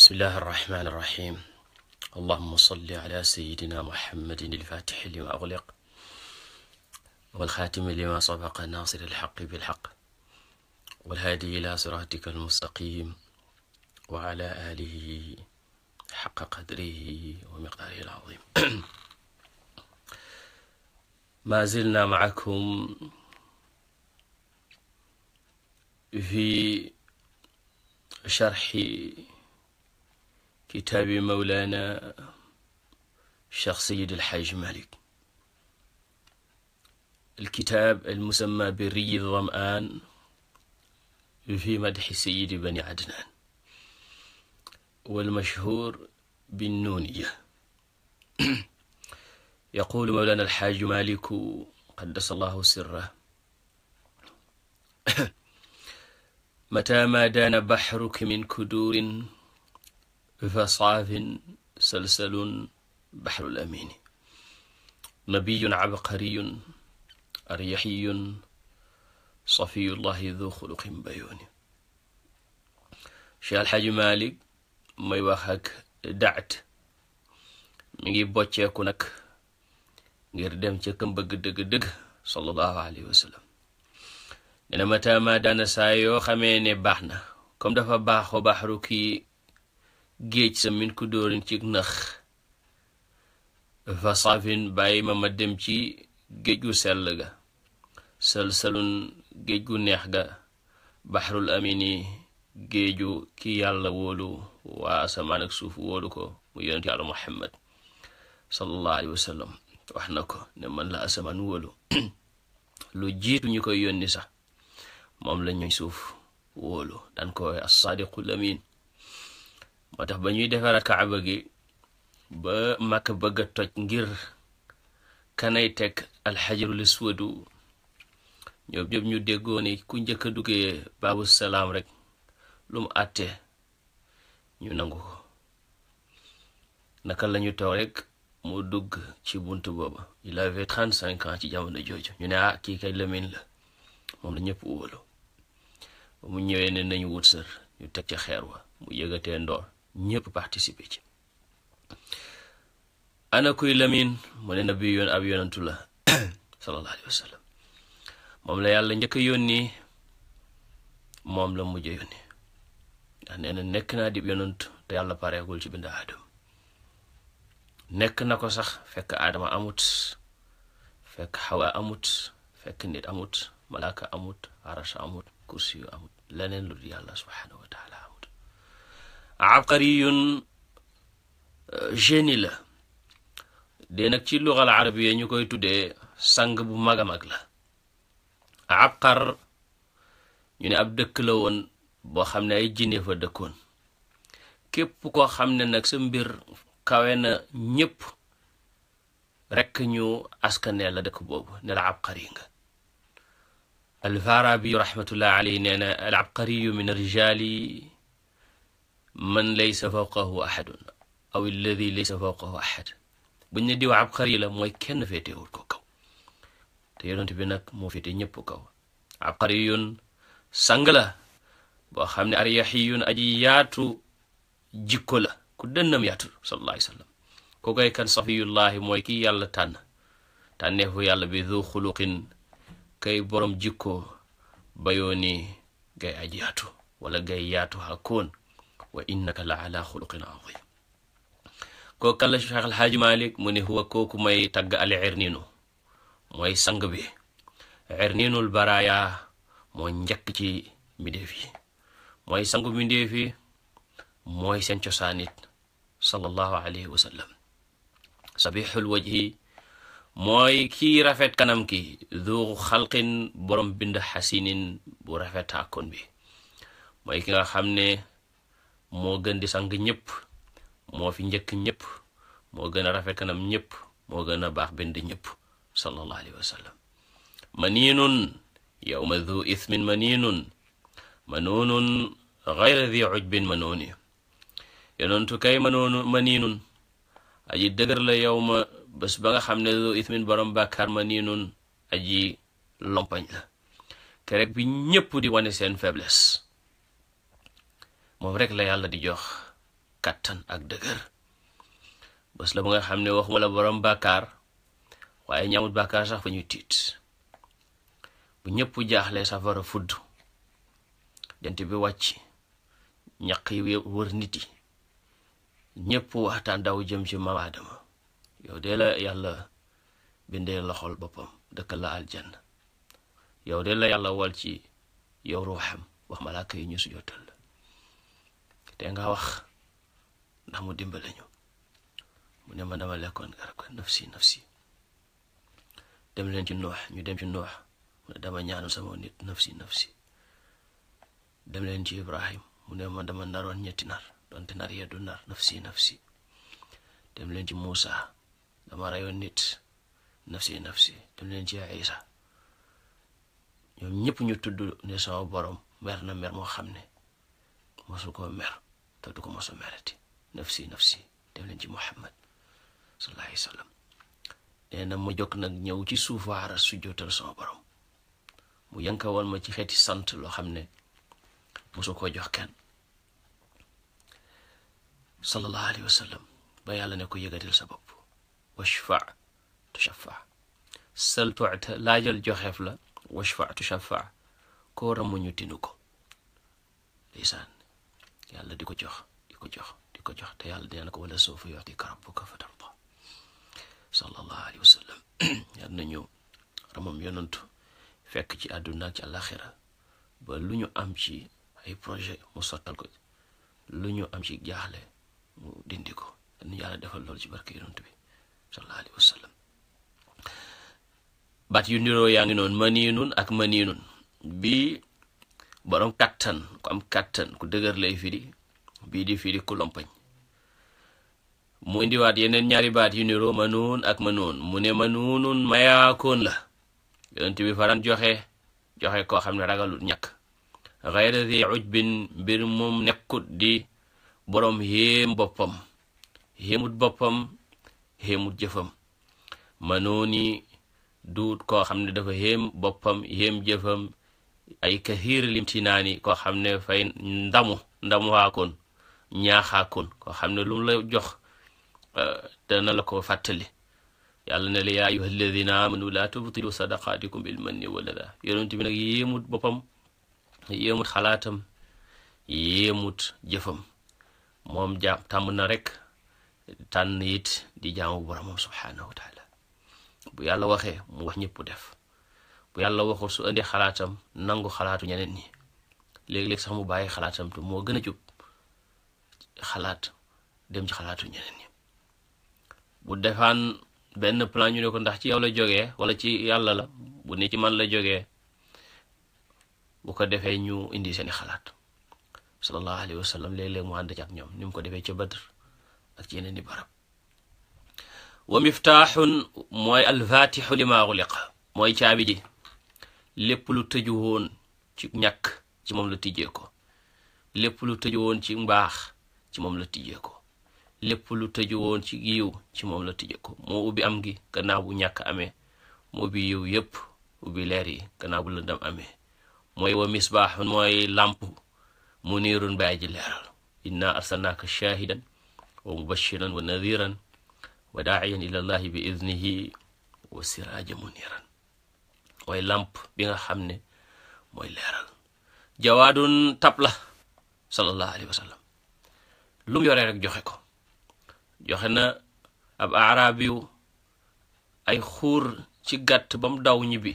bismillahi arrahmani irrahim allahuma salli ala seyidina mohammadin ilfatixi lima ugliq walxaatimi lima sabaqa nasir alxaqi bilxaq walhaadi ila siratika almustaqim wa ala alihi xaqa qadrihi wa miqdaarihi alazim ما زلنا معكم في شرح kitaabi mawlaana Cheikh Seydi El Hadj Malick الكتاب المسمى بري الظمآن في مدح سيد بني عدنان والمشهور بالنونية يقول مولانا الحاج مالك قدس الله سره متى ما دان بحرك من كدور fasaafin salsalun baxrul amini nabiyun abqariyun aryaxiyun safiyullahi du xuluqin bayooni Cheikh Alxaaji Malik mooy wax daat mi ngi bocceeku nag ngir dem ca këm bëgg dëgg-dëgg sallallahu alayhi wa sallam ne na matama daana saa yoo xamee baax na comme kii géej sa min ku dóorin ci nax fa safin bàyyi ma ma dem ci géej gu sell ga salsalun géej gu neex ga baxrul amini géeju ki yàlla wóolu waa asamaan ak suuf wóolu ko mu yonent yàlla muhammad sallallahu alayhi wa sallam wax na ko ne man la asamaan wóolu lu jiitu ñu koy yónni sax moom la ñuy suuf wóolu dan ko as-saadiqul amin moo tax ba ñuy defaraat kaaba gi ba màkk bëgg a toj ngir kanay teg alxajarul iswadu ñoom ñëpp ñu déggoo ni ku njëkk a duggee baabu salaam rek lu mu àtte ñu nangu ko naka lañu toog rek mu dugg ci bunt booba il avait trente cinq ans ci jamono jooju ñu ne ah kii kay Lamine la moom la ñëpp uwalu mu ñëwee ne nañu wut ñu teg ci xeer wa mu yëgatee ndoor ñépp participer ci kuy lamin mu ne nabi yoon ab yonantu la sallallahu alayhi moom la yàlla njëkk a yónni moom la mujj a yónni na nekk naa di yonantu te yàlla pareegul ci bind aadama nekk na ko sax fekk aadama amut fekk xawa amut fekk nit amut malaaka amut arasa amut kursi yu amut leneen lu dul yàlla subhanahu wa a abqariyun génie la de nag ci luxal arabiya ñu koy tuddee sang bu mag a mag la abqar ñu ne ab dëkk la woon boo xam ne ay jinne fa dëkkoon képp ko xam ne nag sa mbir kawe ñépp rekk ñu askanee la dëkk boobu ne la abqari nga alfaarabi rahmatullah alayhi nee al abqariyu min rijaali man laysa fawqahu ahadun aw alladi laysa fawqahu ahad buñ ne diw abqari la mooy kenn féetewul ko kaw te yonent bi nag moo féete ñëpp kaw abqariyun sang la boo xam ne aryaxiyun aji yaatu jikko la ku dënnam yaatu sallallahu alayhi wa sallam ku koy kan safiyullahi mooy kii yàlla tànn tànneefu yàlla bi du xuluqin kay borom jikko bayoo ni gay aji yaatu wala gay yaatu xakoon wa innaka la ala xuluqin azim kooku kan la Cheikh El Hadj mu ne huwa kooku may tagg al irninu mooy sang bi irninul baraya moo njëkk ci mbindeef yi mooy sangu mbindeef yi mooy seen cosaanit sallallahu alayhi wa sallam sabixul wajhi mooy rafet kanam ki du xalqin borom bind xasinin bu rafet àkkoon bi mooy ki nga xam ne moo gën di sang ñëpp moo fi njëkk ñëpp moo gën a rafet kanam ñëpp moo gën a baax bind ñëpp sallallahu alayhi wa sallam maniinun yowma du ithmin maniinun manuunun gayra di ujbin manuuni yonentu kay manoonu maniinun aji dëgër la yowma bés ba nga xam ne du ithmin borom bàkkaar maniinun aji lompañ la kerek bi ñëpp di wane seen faiblesse moom rek la yàlla di jox kàttan ak dëgër bés la bu nga xam ne waxuma la borom bàkkaar waaye ñaamut bàkkaar sax fa ñuy tiit bu ñëpp jaaxlee safara fudd jant bi wàcc ñaq yi wër nit yi ñëpp waxtaan daw jëm ci maam Aadama yow de la yàlla bindee loxol boppam dëkk la aljanna yow de la yàlla wal ci yow ruuxam wax malaaka yi ñu su jotal te nga wax ndax mu dimbale ñu mu ne ma dama lekkoon garab ga nafsi nafsi dem leen ci noox ñu dem ci noox mu ne dama ñaanu sama nit nafsi nafsi dem leen ci Ibrahim mu ne ma dama naroon ñetti nar donte nar yee du nar nafsi nafsi dem leen ci Muusa dama rayoon nit nafsi nafsi dem leen ci Isa ñoom ñëpp ñu tudd ne sama borom mer na mer moo xam ne mosu koo mer te du ko mos a mereti nafsi nafsi dem leen ci Muhammad sallallahu alayhi wa sallam nee ma jóg nag ñëw ci suuf waara su jotal sama borom mu yankawal ma ci xeeti sant loo xam ne mosu ko jox kenn sallallahu alayhi wa ba yàlla ne ko yëgatil sa bopp washfa tushafa sal tuta laajal joxeef la washfa tushafa koo ramuñu tinu ko yàlla di ko jox di ko jox di ko jox te yàlla dee na ko wala soo fa ka rabbuka fatarda sallallahu alayhi wa sallam yal nañu ramam yonantu fekk ci àdduna ak ci àlaxira ba lu ñu am ci ay projet mu sottal ko lu ñu am ci jaaxle mu dindi ko nu yàlla defal loolu ci barke yonant bi sallallahu alayhi wa yu niroo yaa ngi noonu maniinun ak maniinun bi borom kattan ku am kàttan ku dëgër lay firi bii di firi ku lompañ mu indiwaat yeneen ñaari baat yu niroo manuun ak manuun mu ne manuunun mayaakoon la yonent bi faran joxe joxe koo xam ne ragalul ñàkk xayra zi ujbin mbir moom nekkut di borom yéem boppam yéemut boppam yéemut jëfam manuuni duut koo xam ne dafa yéem boppam yéem jëfam ay kahir limtinaani koo xam ne fay ndamu ndamu waakoon kon koo xam ne lu mu la jox euh, dana la ko fàttali yàlla ne la yaa ayuha alladina amanu laa tubtilu sadaqaatikum bil manni wala la yonent bi nag yéemut boppam yéemut xalaatam yéemut jëfam moom jaam tàmm na rek tànn it di jaamu boromam subhaanahu wa taala bu yàlla waxee mu wax ñëpp def bu yàlla waxul su indi xalaatam nangu xalaatu ñeneen ñi léeg-léeg sax mu bàyyi xalaatam te moo gën a jub xalaat dem ci xalaatu ñeneen ñi bu defaan benn plan ñu ne ko ndax ci yow la jógee wala ci yàlla la bu ni ci man la jógee bu ko defee ñu indi seeni xalaat sallallahu alayhi wa sallam léeg-léeg mu ànd ci ñoom ni mu ko defee ca Badr ak ci yeneen i barab wa miftaaxun mooy alfaatixu li maa xuliqa mooy caabi ji lépp lu tëju woon ci ñàkk ci moom la tijjee ko lépp lu tëju woon ci mbaax ci moom la tijjee ko lépp lu tëju woon ci yiw ci moom la tijjee ko moo ubbi am gi gannaaw bu ñàkk amee moo ubbi yiw yépp ubbi leer yi gannaaw bu lëndam amee mooy wa misbaax mooy làmp mu niirun bàyyi ji leeral inna arsalnaaka shaahidan wa mubashiran wa nadiran wa daa'iyan ila bi idnihi wa siraaja muniran mooy làmp bi nga xam ne mooy leeral jawaadun tab la sallallahu alayhi wa sallam lu mu yoree joxe ko joxe na ab aaraab yu ay xuur ci gàtt ba mu daw ñibbi